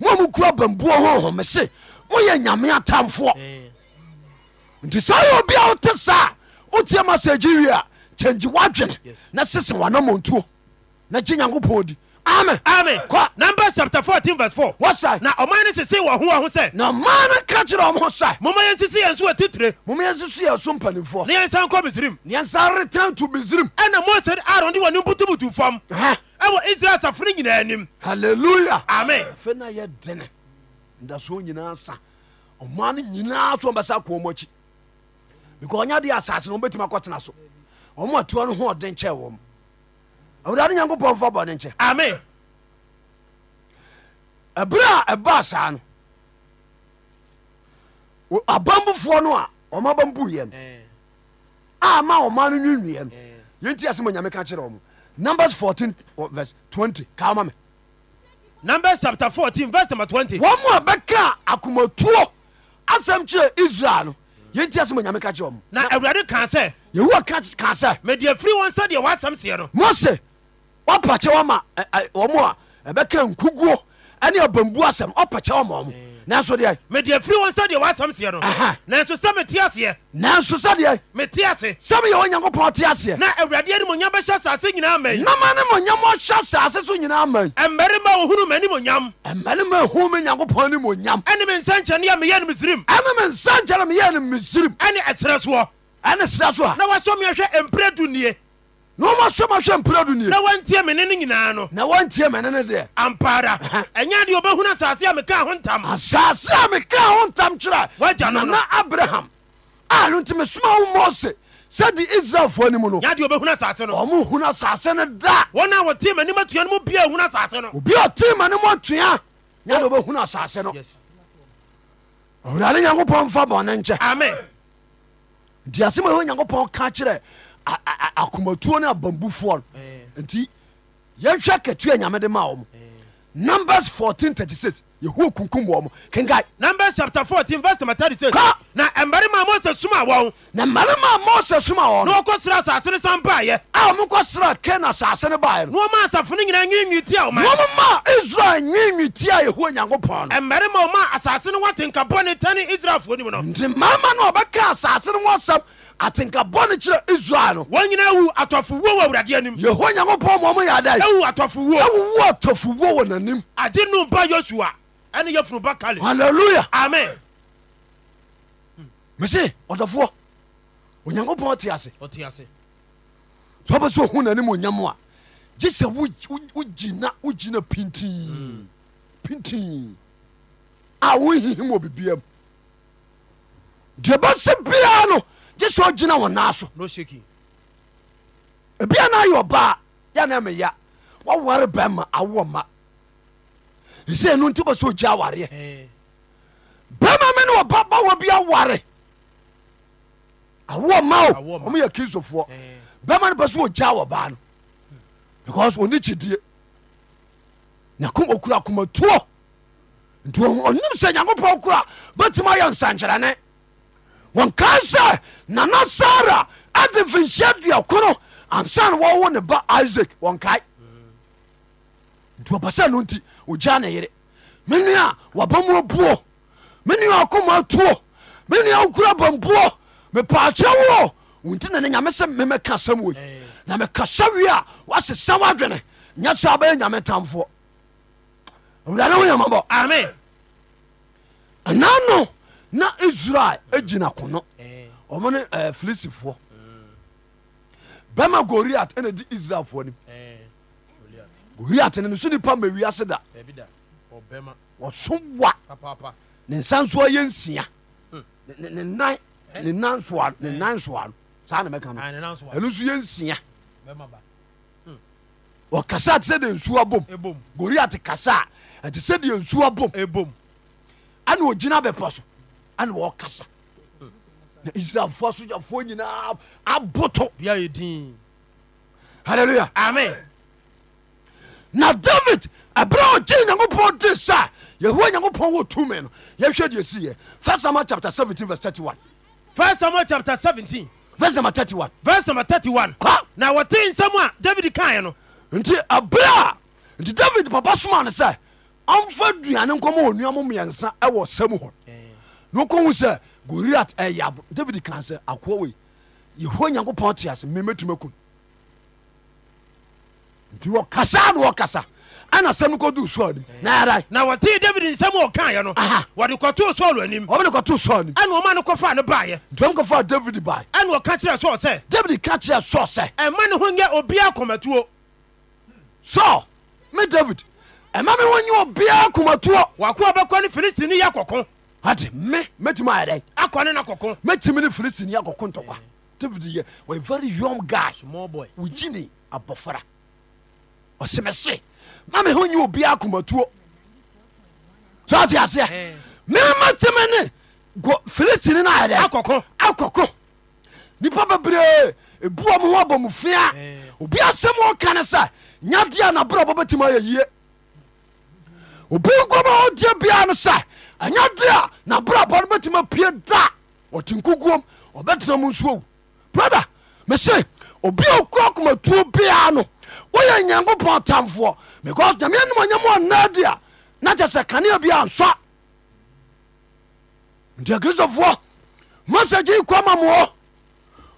moa mukura abambua hohomese woyɛ nyamea tamfoɔ nti saa yɛ obia wo te saa a wotiɛma sɛ gye wie a kyɛngyi woadwen na sese wanamɔ ntuo nakyi nyankopɔn di amen amen kɔ numbers chapter fourteen verse four. wɔsa na ɔman no sisi wɔn ho wɔn ho sɛ. na maa no ka kyerɛ ɔmo sa. mɔmɔ yɛn sisi yɛn so wɔ titire. mɔmɔ yɛn sisi yɛn so mpanimfoɔ. ne yɛn san kɔ misirim. ne yɛn san return to misirim. ɛna mose aaron de wɔn ni butubutu fam. ɛwɔ israel asafo no nyinaa anim. hallelujah amen. fɛn na yɛ dɛnɛ ndaso nyinaa san ɔmaa no nyinaa so ɔbɛsa kɔn ɔmo akyi because ɔnya de asase na ɔmo awurade nyankopɔn fa bɔne nkyɛ ame ɛberɛ a ɛbaa saa no abambufoɔ no a ɔma bambuiɛ no a ma ɔma no nwinwiɛ no yɛnti asɛm nyame ka kyerɛ ɔ mu numbers 14 verse 20 kaw ma me numbers chapter 14 verse number 20 wɔn mu a bɛka akomatuo asɛm kyerɛ israel no yɛnti asɛm nyame ka kyerɛ ɔ mu na awurade kaa sɛ yehowa ka sɛ mede afiri wɔn sɛdeɛ wɔasɛm seɛ no mose ɔpɛkyɛ wma ɔm a ɛbɛka nkuguo ne abambu asɛm o ɔpɛkyɛ wma ɔm nasodeɛ mede firi ɔ sɛdeɛ wasɛmsiɛ no nassɛ meteeɛ nasɛdeɛmetease sɛ meyɛwɔnyankopɔn teaseɛ n wuraeɛ nmnya bɛhyɛ sase nyinaama namane mnyam ɔhyɛ sase so nyinaa man arimaumanimyam mama hu me nyankopɔn ane mnyam n mensakyɛnemeyɛ nomsirm ɛne mensankyɛne meyɛ nemsirm ne serɛ so ne srɛ s h n wsmeahwɛ mpɛn na ɔma sɛ mahwɛ mpra do nie na wɔntie me ne no nyinaa no na wɔntie me ne no deɛ ampaara ɛnyɛ deɛ wɔbɛhunu asase a mekaa ho ntam asase a mekaa ho ntam kyerɛ wagya no na abraham a no nti mesoma wo mose sɛde israelfoɔ no mu no yadeɛ wɔbɛhunu asase no ɔmo hunu asase no da wɔn a wɔtee m'anim atua no mu bia hunu asase no obi a ɔtee m'anim atua nyade wɔbɛhunu asase no ɔwurade nyankopɔn mfa bɔne nkyɛ amen nti asɛm a ɛhɔ nyankopɔn ka kyerɛ matf eh. eh. a nanumbs 436 mamamose sm makɔ sera kan asase ne baɛmama israel wi nwitia yho nyankopɔnmama nbɛka asase ne wsɛm atenkabɔno kyerɛ isa noyho nyankopɔyafowuo w nani mese ɔdɔfoɔ onyankopɔn te ase oɛ sɛ ohu nani onyam a gye sɛ woa wogyina wohihem wɔ bbam deɛ bɛse biara no gye sɛ ogyina wɔ naa so ebia na ayɛ ɔbaa yɛne meya wɔware bɛma awowɔ ma ɛsɛ ɛno nti bɛ sɛ ogya awareɛ eh. bɛma me ne ɔba ba wɔ bi aware Awo ma o ɔmo yɛ kristofoɔ eh. bɛma no pɛ sɛ ogya wɔ baa no because ɔne kyidie nakokura komatuo nti ɔnim sɛ nyankopɔn kora bɛtumi ayɛ nsankyerɛne wɔnkan sɛ nanasara ade fenhyia dua kon ansane wɔwo ne ba isaa ensɛnanyerenea wba m ao enem uo ene wokro aabuo mepakɛwotin nyamesmka sɛm n meka sa wee a sesaw awene yasabaɛnyameamo na israel gyina kono ɔmo eh. ne eh, filisifoɔ bɛma goriat ɛna di israelfoɔ nim eh, goriat no ne so nipa ma wiase da wɔso wa ne nsa nso yɛ nsia hmm. ne nan ne nan soa ne nan soa no saa na mɛka no ah, ɛno nso yɛ nsia hmm. ɔkasa te sɛ deɛ nsuo abom goriat kasa a ɛte sɛ deɛ nsuo abom ɛna ogyina bɛpɔ so ɔooɔyiaa na david ɛberɛ a ɔgye nyankopɔnde sa yhowa nyankopɔwɔ noɛe s sa 7nɔsɛm a david kaɛ no nti ɛberɛa nti david papa soma no sɛ ɔmfa duane naɔnuammɛnsa wɔ sɛm hɔ na ɔkɔhu sɛ goriat ɛyɛ eh, david kaa sɛ akoa wei yɛhɔ nyankopɔn te ase memɛtumi akum nti wɔkasa na wɔkasa ɛna sɛm no kɔduu saul anim na yɛdae na wɔtee david nsɛm a ɔkaeɛ no wɔde kɔtoo saul anim ɔma ne kɔtoo saul anim ɛna ɔma no kɔfaa no baeɛ nti ɔm kɔfaa david bae ɛna ɔka kyerɛɛ saul sɛ david ka kyerɛɛ saul sɛ ɛma ne ho nyɛ obiaa kɔmatuo saul me david ɛma me ho nyɛ obiaa kɔmatuo wakoa bɛkɔ ne filistini yɛ kɔko ati me mɛtumi ayɛ dɛ akɔ ne na kɔkɔ mɛtumi ne filistini akɔkɔ ntɔkwa david yɛ ɔyɛ very young guy small boy wogyi ne abɔfra ɔsemese ma me ho nye obiaa akomatuo so ate aseɛ eh. mematemi ne filistini na ayɛ dɛ akɔkɔ akɔkɔ nipa bebree ebua mo ho abɔ mu fia eh. obi asɛm ɔka ne sɛ nyadeɛ a nabrɛ bɔbɛtumi ayɛ yie obi nkɔma ɔdeɛ biaa no ɛnya de a bɔ no bɛtumi apue da ɔte nkukuom ɔbɛtena mu nsuo wu brada mese obi a okura komatuo biara no woyɛ nyankopɔn tamfoɔ because nyame nomanyam ɔnaa de a na kyɛ sɛ kanea biaa nsɔ nti akristofoɔ masagye yi kɔ ma moɔ hɔ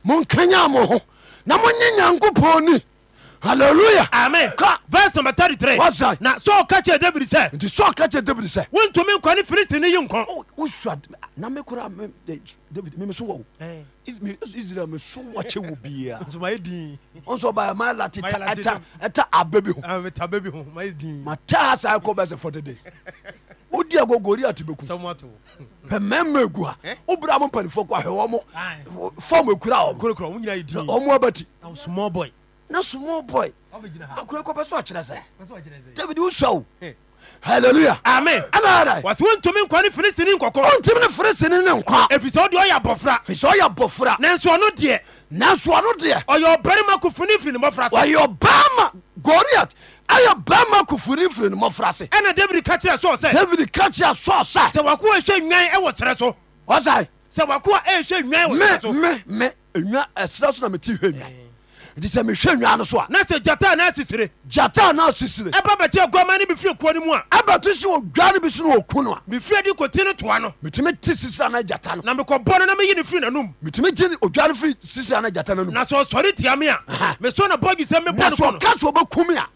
monkanya mo ho na monye nyankopɔn ni hallelujah amen ka verse number thirty three what's that na sọ ọka kyerɛ david sɛ nti sọ ọka kyerɛ david sɛ wontumi nkɔ ne filistini yi nkɔ oh, oh, o sua na me kora david mi mi so wɔ o eh. israel mi so wɔ kyɛ wɔ bia nsoma yɛ din ɔnsɔ ba yɛ maa lati ta ɛta ɛta abɛ bi ho ɛta ah, abɛ bi ho maa yɛ din ma taa asa ɛkɔ bɛ sɛ forty days o di ago gori ati bɛ kun pɛmɛmɛ egu ha eh? o bira mo mpanimfo kɔ ahɛ wɔn mo fɔm ekura wɔn ɔmo abati small boy na small boy akɔyɛ kɔpɛ so ɔkyerɛ sɛ david wosa o hallelujah amen anaada wasi wọn tumi nkwa ni filistini nkɔkɔ wọn tumi ni filistini ni nkwa efisɛ ɔdi ɔyɛ abɔfra efisɛ ɔyɛ abɔfra nanso ɔno deɛ nanso ɔno deɛ ɔyɛ ɔbɛrima kofuni firi ni mɔfra se ɔyɛ ɔbɛrima goriat ayɛ bɛrima kofuni firi ni mɔfra se ɛna david kakyia sɔɔ sɛ david kakyia sɔɔ sɛ sɛ wako ehyɛ nwan ɛwɔ srɛ so ɔsɛ sɛ wako ehyɛ nwan ɛwɔ srɛ so mɛ mɛ mɛ enwa ɛsrɛ so na mɛ ti hwɛ nwan nti sɛ mehwɛ nwaa no so a na sɛ gyata na asisire gyata na asisire ɛba bɛte aguama no bifiri kuo no mu a ɛbɛto si wɔ dwa no bi so na wɔku no a mefiri adi kɔti no toa no metumi te sisira no gyata no na mekɔbɔ no na meyi no firi n'anom metumi gye odwa no firi sisira no gyata no nom na sɛ ɔsɔre tia me a meso na bɔdwe sɛ mebɔ no kɔ no ka sɛ ɔbɛku me a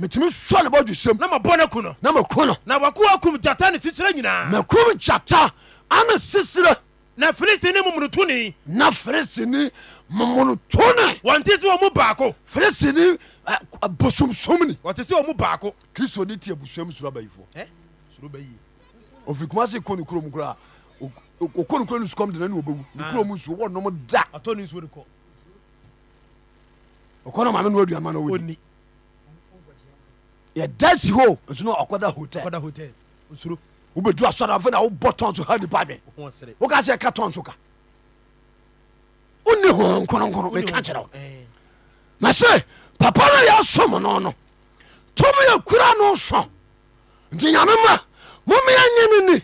metumi sɔ ne bɔdwe sɛm na mabɔ no ku no na maku no na wakoakum gyata ne sisira nyinaa makum gyata ane sisira na filistini mumurutuni. na filistini mumurutuni. wọn ti se omu baako. filistini eh, eh, bosomsomni. wọn ti se omu baako. kristu ni tiẹ busuamu suraba yi fọ. Eh? ẹ suraba yi. òfin kumasi kó ni kúrò mu kúrò a okó ni kúrò ni sukọm dènà ni o bẹ wu ni kúrò mu nsu wọn nọmọ da. a tọ ni nsu de kọ. ọkọ náà maame ni o di ama na o ni. yẹ dẹ́sì hó nsúná ọkọ da hotel. ọkọ da hotel wobɛdu asɔrafo na wobɔ tɔn so ha nipa dwen woka sɛ ɛka tɔn so ka wone ho nkronkro meka kyerɛ wo eh. ma sɛ papa no yɛasom no no tom yɛkura no so nti nyame ma momeyɛnye no ni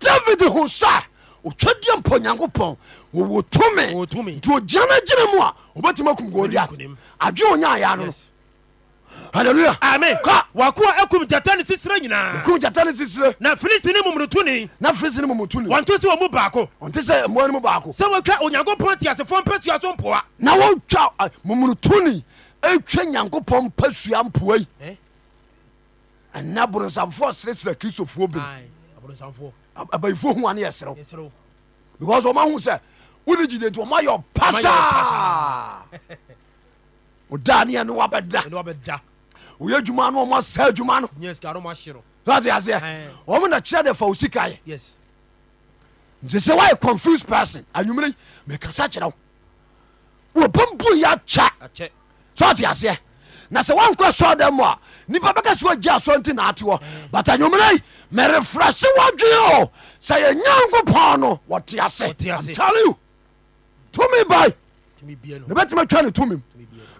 david ho sa ɔtwadeɛ mpa onyankopɔn wɔwɔ tome nti ogyina no gyina mu a wɔbɛtumi akumkɔdi adwe onyayɛ no no hallelujah. ami kɔ wakuwa ekum jata ni sisire nyinaa. ekum jata ni sisire. na filisi ni mumutu ni. na filisi ni mumutu ni. wɔn tɛ se wɔn mu baako. wɔn tɛ se mɔɔ ni mu baako. sɛ wɔn twa onyanko pɔn ti ase fɔ npɛ suya na wɔn twa mumutu ni etwa nyanko pɔn npɛ suya mpɔwa yi. ɛnna borosanfoɔ siresire kirisofoɔ bi. borosanfoɔ. abayifo hu ani yɛ serew. because wɔn ahu sɛ wuli jide ti wɔn ayɔ pasaa. nnwɛɛwuawɛ pkɛɛaɛasɛ nasɛ wnk sɔdɛ mua nipabɛkɛ sɛ estna but awmee merefrɛse wɔ dwee o sɛyɛnyankopɔn no wteas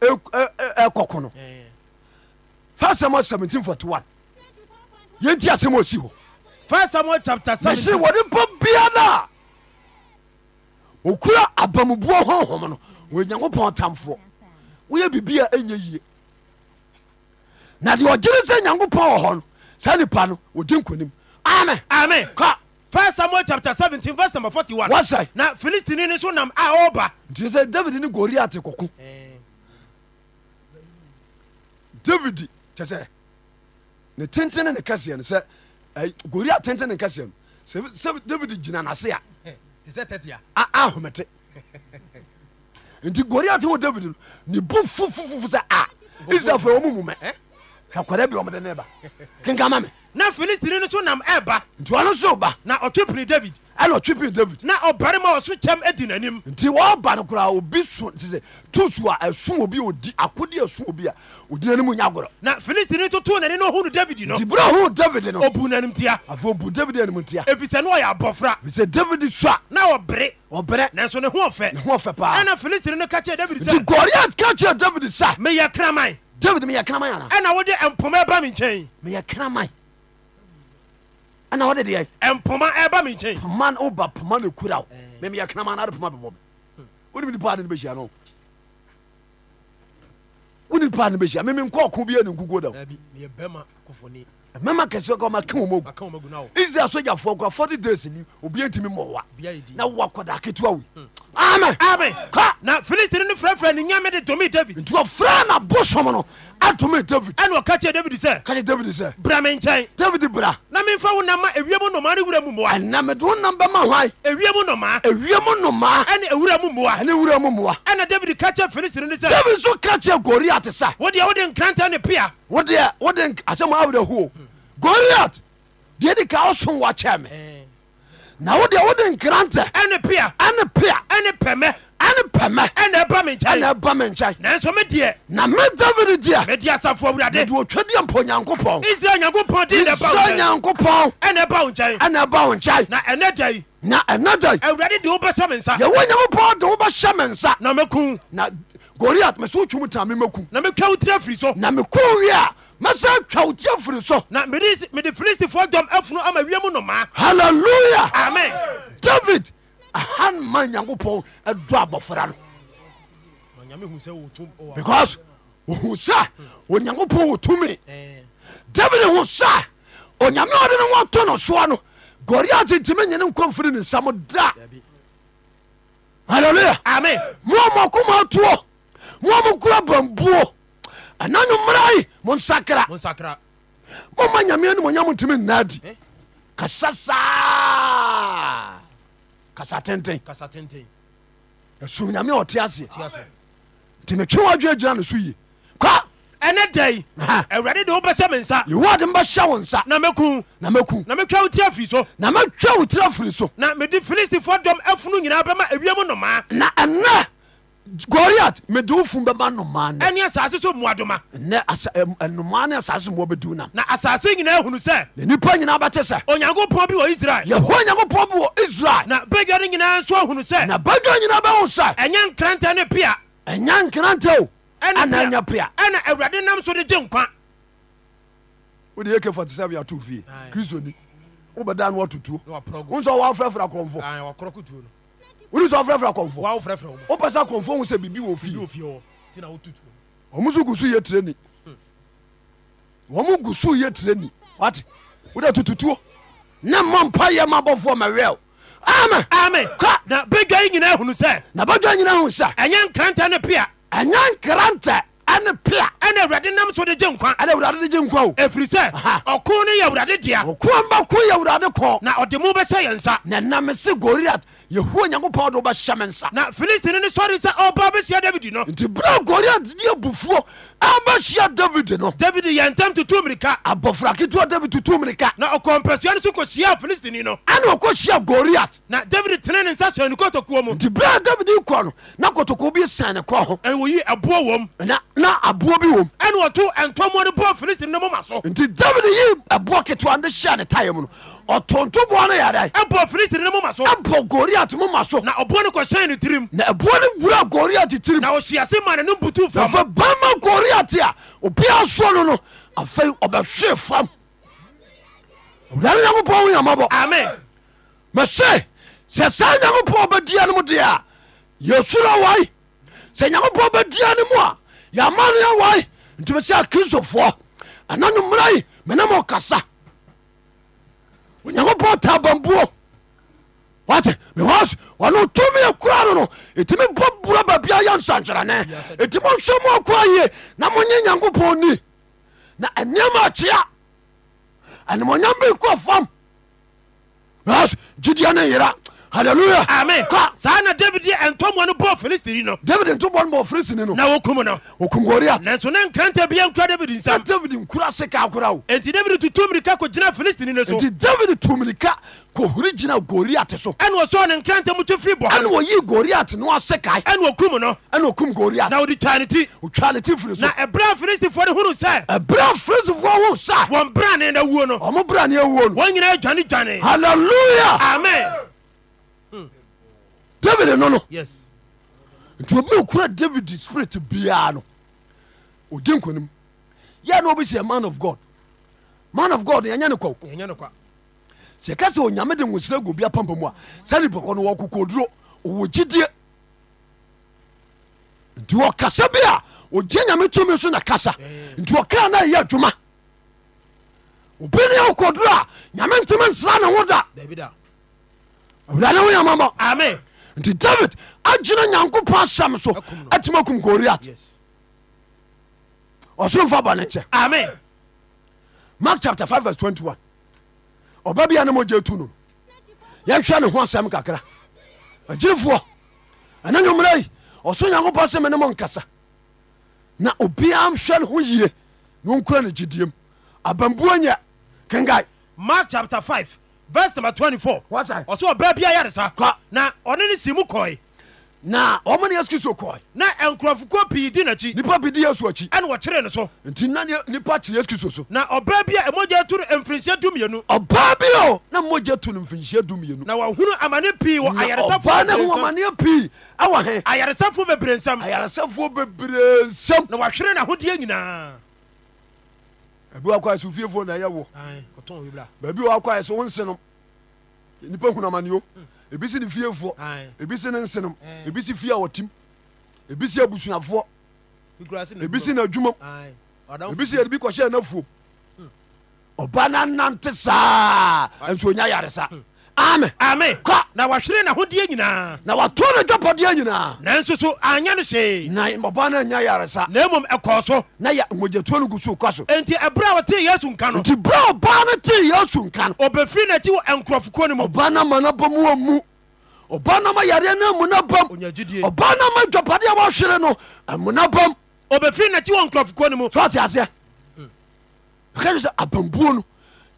ɛkɔko eh, eh, eh, no first samuel seventeen forty one yɛn ti asɛm osi hɔ. first samuel chapter seventeen. yasi wɔde bɔ biara okura abamubuo hɔnhɔn no wɔn nyanko pɔn tamfoɔ wɔyɛ bibi a ɛnyɛ yie na deɛ ɔgyere sɛ nyanko pɔn wɔ hɔ no saa nipa no wɔdi nkonim amen. amen kɔ. first samuel chapter 17. verse number 41. one. wɔsɛ. Now, Philistine is so nam a ɔba. nti sɛ david ni goliath kɔkɔ. Eh david kyɛ sɛ ne tenten ne kɛseɛ no sɛ goria tenten ne kɛseɛ no sɛ david gyina nase a ahomete nti goria te wɔ david no ne bo fufufufu sɛ a israelfoɔ wɔmu mumɛ sɛ kwada bi ɔmede ne ba kenkama me na filistini no so nam ɛba nti ɔno so ba na ɔtwe pene david ɛna ɔtwe david na ɔbarima a ɔso kyɛm adi n'anim nti wɔba no koraa obi so nti sɛ tosu a ɛsom obi a ɔdi akode ɛsom obi a ɔdi n'anim nya gorɔ na filistini totoo n'ani na ɔhunu david no nti berɛ a david no ɔbu n'anim tia afei ɔbu david anim tia ɛfiri sɛ na ɔyɛ abɔfra ɛfiri sɛ david so a na ɔbere ɔbrɛ nanso ne ho ɔfɛ ne ho ɔfɛ paa ɛna filistini no ka kyerɛ david sɛ nti goliat ka kyerɛ david sa meyɛ kraman david meyɛ kraman ana ɛna wode mpoma ba me nkyɛn meyɛ kraman ana wode deɛ mpoma ɛba me nkyɛn poma no woba poma no kura wo memeyɛ knama no ade poma bɛbɔ me wonim nipa ade no bɛhyia no wone pa no bɛhyia memenkɔ ɔko bia ne nkukuo da mɛma kɛsɛ ka maka wɔ magu israel sogyafoɔ kora 40 days ni obia ntimi mmɔwa na wowa kɔda ketewa we amen na filistine no frɛfrɛ ne nyame de domi david nti ɔfrɛ na bosom no atumi david. ɛna ɔka kyerɛ david sɛ. ka kyerɛ david sɛ. bra me nkyɛn. david bra. na mi nfa wo nam ma ewia mu nnomaa ne wura mu mmoa. ɛna mi de wo nam bɛ ma hwan. ewia mu nnomaa. ewia mu nnomaa. ɛna ewura mu mmoa. ɛna ewura mu mmoa. ɛna david ka kyerɛ filisiri ni sɛ. david nso ka kyerɛ goriat sɛ. wo deɛ wo de nkranta ne pia. wo deɛ wo de asɛm goriat deɛ di ka ɔsùn wɔ kyɛn mi na wodeɛ wode nkrantɛ ɛne pia ɛne pia ɛne pɛmɛ ɛne pɛmɛ ɛne ɛba me nkyɛn ɛne ɛba me nkyɛn nanso me deɛ na me david deɛ mede asafo awurade mede wɔtwa deɛ mpa onyankopɔn israel nyankopɔn din na ɛba wo nkyɛn nyankopɔn ɛne ɛba wo nkyɛn ɛne ɛba wo nkyɛn na ɛnɛ da na ɛnɛ da yi awurade de wobɛhyɛ me nsa yɛwɔ nyankopɔn de wobɛhyɛ me nsa na mɛku na goriat meso wotwum ta memakunmawo tr firi s na mekowie a mɛsa twawo ta firi so mede filistf dmnalua david anma nyankopɔn dɔ abɔfra nhusnyankopɔdvi hu sa onyame ɔde newto nosoa no goriat timinyane nkafrine nsam moamokura bambuo ɛna nwommerai monsakra moma nyamea no monya motimi nna di eh? kasa saa kasa tenten ɛsom nyame a ɔte aseɛ nti metwe wadwe gyina no so ye ka ɛnɛ dɛi awurade de wobɛhyɛ me nsa yewɔde mbɛhyɛ wo nsa na mɛku na mɛku na metwa wo tira firi so na mɛtwa wo tira firi so na mede filistifoɔ dɔm afunu nyinaa bɛma awiam nnomaa na ɛnɛ goriat mede wo fum bɛma nomaa ne ɛne asaase so mmoadoma ɛnɛnoma ne asaase moa bɛduw nam na asase nyinaa ahunu sɛ nanipa nyinaa bɛte sɛ onyankopɔn bi wɔ israel yɛhɔ nyankopɔn bi wɔ israel na bɛga no nyinaa nso ahunu sɛ na bɛga nyina bɛho sɛ ɛnyɛ nkrantɛ ne pia ɛnya nkrantɛ o ɛnaɛnya pia ɛna awurade nam so de gye nkwa paɛaanyinay kratnepyɛ nkrantɛ ne pa n awurade namsoe ge nkwae nwa fri sɛ ɔk no yɛ awrade dea yɛ wrade kɔna ɔde mu bɛsɛ yɛ sa na nam se goi yehowa nyankopɔn de wobɛhyɛ me nsa na filistine ne sɔre sɛ ɔba bɛhyia david no nti berɛ goliat ne abufuo abɛhyia david no david yɛ ntam toto mmirika abɔfra ketewa david toto mmirika na ɔkɔ mpɛsua no so kɔhyiaa filistini no ɛne ɔkɔhyia goliat na david tene ne nsa hyɛ ne kɔtɔkuo mu nti berɛ david kɔ no na kɔtɔkuo bi sɛn ne kɔ ho ɛwɔyi ɛboɔ wɔ m na na aboɔ bi wɔ m ɛne wɔto ɛntɔmmɔ no bɔɔ filistine no moma so nti david yi ɛboɔ ketewa no hyɛ ne taeɛ mu no ɔtontoboa no yɛdɛ ɛbɔ filistini no moma so ɛbɔ goriat moma so na ɔboɔ no kɔhyɛn ne tirim na ɛboɔ no wura goriat tirim na ɔhye ase ma ne no butu fam afei bɛma goriat a obia soɔ no no afei ɔbɛhwee fam wurade nyankopɔn wo yamabɔ amen mɛse sɛ saa nyankopɔn bɛdia no mu deɛ a yɛsuro wai sɛ nyankopɔn bɛdia no mu a yɛama no yɛwai nti mesɛ kristofoɔ ɛna no mmerai menam ɔkasa nyankopɔ ta bambuo wate bcas wane otomie kuraneno itimi bo bra babia yansanjera ne itimi oso mo koa aye na monye nyankopɔn ni na aneama tea animo ya be kɔ fam bcas jidia ne yera hallelujah amen kɔ saa na david yɛ ɛntɔmɔ no bɔɔ filistini no david ntobɔ no bɔɔ filistini no na wɔkum no wɔkum goriat nanso ne nkranta bia nkura david nsam na david nkura se kaa kora o enti david tutu mirika kɔgyina filistini no so enti david tu mirika kɔhuri gyina goriat so ɛne ɔsɔɔ ne nkranta mu to firi bɔ ɛne wɔyii goriat no ase kae ɛne wɔkum no ɛne wɔkum goriat na wɔde twaa ne ti wɔtwaa ne ti firi so na ɛberɛ a filistifoɔ no hunu sɛ ɛberɛ a filistifoɔ hunu sɛ wɔn brane na wuo no ɔmo brane awuo wɔn nyinaa dwane dwane hallelujah amen david nonntika david spirit biaa no ɔnkniɛnɛman of nasnyamedsrapaausdrwgyi ntikasa bi ea nyame snakasantikanayɛ adwuma nadr nyame nt nsranwoda nti david agyena nyankopɔn asɛm so atimi akum goriat ɔsoofa bɔnkɛ mak a2 ɔbaianoma tno yɛhwɛ ne ho asɛm kakra fon ɔso nyankopɔn sɛm nom nkasa na obia hwɛn ho yie nnra ne gidim abambua yɛ kena verse number twenty four ɔsɛ ɔbaa bi ayaresa na ɔne ne si mu kɔe na ɔmo ne yesu kristo kɔe na nkurɔfokuo pii di n'akyi nipa bi di yesu akyi ɛna wɔkyeree ne so nti na nipa kyere yesu kristo so na ɔbaa bi a ɛmogya tu no mfirinhyia dumienu ɔbaa bi o na mogya tu no mfirinhyia dumienu na wahunu amane pii wɔ ayaresafoɔ na hu amaneɛ pii ɛwɔ he ayaresafoɔ bebree nsɛm ayaresafoɔ bebree nsɛm na wahwere n'ahodeɛ nyinaa baabi wakɔ ayɛ sɛ ofiefoɔ na ɛyɛ wɔ baabi wakɔ ayɛ sɛ wo nsenom nipa hunamaneo hmm. ebi si ne fiefoɔ ebi si ne nsenom ebi si fie a wɔtim ebi si abusuafoɔ ebi si n'adwuma ebi si yɛde bi kɔhyɛ n'afuom hmm. ɔba no nante saa nso onya yaresa hmm amen amen kɔ na wahwere n'ahodeɛ nyinaa na wato ne dwapɔdeɛ nyinaa nanso so anyɛ no hwee na ɔba no anya yaresa na mmom ɛkɔɔ so na yɛ mogyatuo no gu so kɔ so enti ɛberɛ a wɔtee yesu nka no nti berɛ a ɔbaa no tee yesu nka no obɛfiri n'akyi wɔ nkurɔfokuo no mu ɔba no ma no bɔ mu ɔmu ɔba no ma yareɛ no amu no bam ɔba no ma dwapadeɛ wɔhwere no amu no bam obɛfiri n'akyi wɔ nkurɔfokuo no mu so ɔte aseɛ ɛka sɛ abambuo no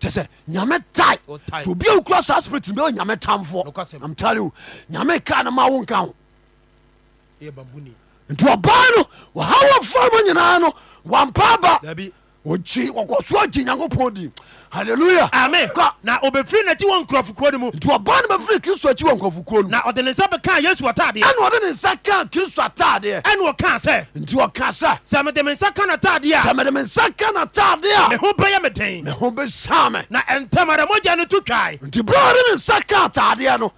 tɛ sɛ nyame tae oh, t obi a wokura saa sprit no bia wa oh, nyame tamfoɔ amtalin ho nyame kar no ma wo nka ho nti ɔbaa no wɔha wo famu nyinaa no wampa aba ɔkyi ɔkɔso gyi nyankopɔn di haleluya am na obɛfri noakyi wɔ nkurɔfokuo no mu nti ɔba no bɛfiri kristo akyiwɔ nkurɔfokuo n muna ɔde ne nsa bɛka yesutadeɛnne kakristo tadeɛ ɛneɔka sɛ ntiɔka sɛ sɛ mede me nsa kanotadeɛasɛ mede mensa kantadeɛ meho bɛyɛ mede meho besame na ɛntamadamɔgya ne to twa nti berɛ ɔde ne nsa ka taadeɛ no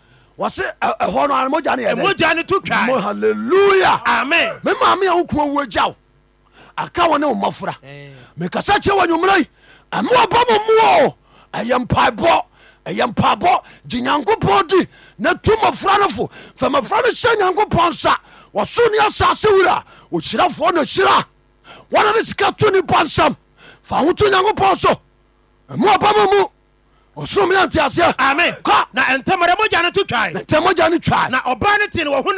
seanta memamawow gya aka wone omafra mekasakhe wawomerayi moa ba mo mu o ɛyɛ mpabɔ ɛyɛ mpabɔ gye nyankopɔn di na to mafra no fo fa mafra no sɛ nyankopɔn nsa ɔsone asase wera ɔhyira fo na hyira wane ne sika to ne bɔ nsɛm fa ahoto nyankopɔn so moaba mom ɔsoromyɛ nte aseɛ ame kɔ na ntɛmɔdɛ mogya no to twae no twae na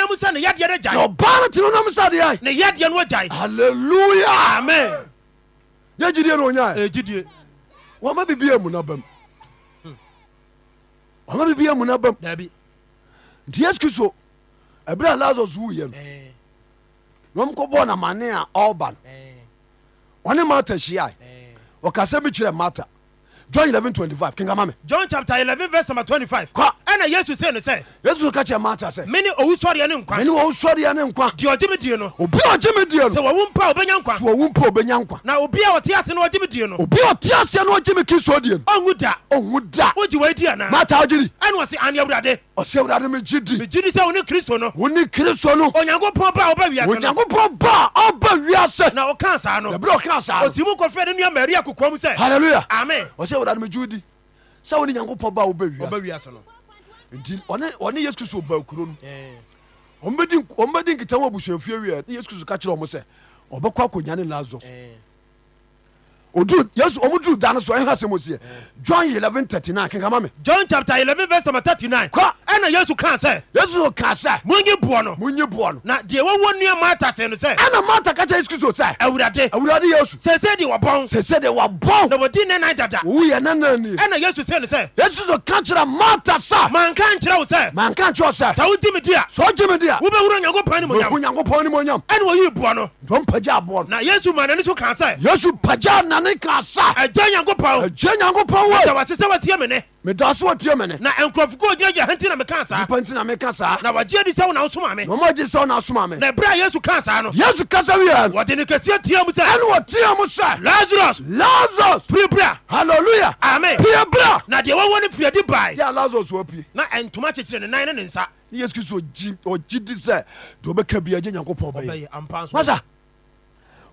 no sɛ ne yɛdeɛ no gyae no honam sɛ deɛ ne yɛdeɛ no yɛ gyidie no gyidie wɔma bibia mu no bam wɔma bibia mu no bam nti ɛberɛ a no namane a ɔba no ɔne hyiae ɔkasɛ mekyerɛ mata john eleven twenty five Kinga mami. john chapter eleven verse number twenty five. kọ́ ɛna yesu sè ni sɛ. yesu ka cɛ maa ta sɛ. mi ni owu sɔriya ni nkwa. mi ni owu sɔriya ni nkwa. di o jimi die obi a o jimi die no. sɛ wɔwu mpa o bɛ nya nkwa. sɛ wɔwu o bɛ nya na obi a o ti ase ni o jimi die no. obi a o ti ase ni o jimi kii so die no. ɔnwu da. ɔnwu da. o ji wa di yan na. maa ta o jiri. ɛna ɔsi ani awurade. ɔsi awurade mi ji di. mi ji di sɛ o ni kristo no. o ni kristo no. onyankopɔn ba ɔba wiase no. onyankopɔn ba ɔba wiase. na ɔkan saa no. ɛbi sɛ wodade megyew di sɛ wone nyankopɔn ba wobɛwiase nti ɔne yesu kristo ba kuro no ɔmbɛdi nkita ho abusuamfie wie ni yesu kristo ka kyerɛ ɔ mo sɛ ɔbɛkɔ akɔnya ne lasarus Odu, yesu ɔmu duru da no so ɛhwɛ asɛm ɔsiɛ e. john 1139 kenkama me john chapter 11 verse number 39 kɔ ɛna yesu kaa sɛ yesu kaa sɛ monye boɔ no monye boɔ no na deɛ wɔwɔ nnua marta se no sɛ ɛna marta ka kyɛ yesu kristo sɛ awurade awurade yesu sɛsɛ deɛ wɔbɔn sɛsɛ deɛ wɔbɔn na wɔdi ne nan dada woyɛ ne nan ni ɛna yesu se no sɛ yesu so ka kyerɛ marta sɛ manka nkyerɛ wo sɛ manka nkyerɛ wo sɛ sɛ wogye me di a sɛ wogye me di a wobɛwura onyankopɔn ne monyam onyankopɔn ne monyam ɛne wɔyii boɔ no dɔmpagya boɔ no na yesu ma n'ani so kaa sɛ yesu pagya nane ne ka sa agya nyankopɔn agya nyankopɔn wo ɛda wase sɛ watie me ne meda so watie na nkurɔfo ko gyinagyina ha nti na meka saa nipa nti na meka saa na wagye adi sɛ wo na wosoma me na ɔma gye sɛ wo na wosoma me na ɛberɛ yesu kaa saa no yesu kasa wiɛ no wɔde ne kɛseɛ tia mu sɛ ɛne wɔtea mu sɛ lazarus lazarus firi bra halleluya amen pie bra na deɛ wɔwɔ no firiadi bae yɛ lazarus wapie na ɛntoma kyekyere ne nan ne ne nsa ne yesu kristo ɔgyi di sɛ deɛ wɔbɛka bia gye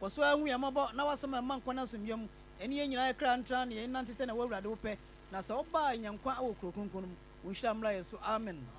kɔ so hu yɛn mmɔbɔ na wasɛm a ɛma nkwa no asomdwam ɛne yɛn nyinaa kra ntra ne yɛn nante sɛ na wɔawurade wopɛ na sɛ wobaa nyankwa awɔ kurokuronkro no mu wonhyira mmra yɛ so amen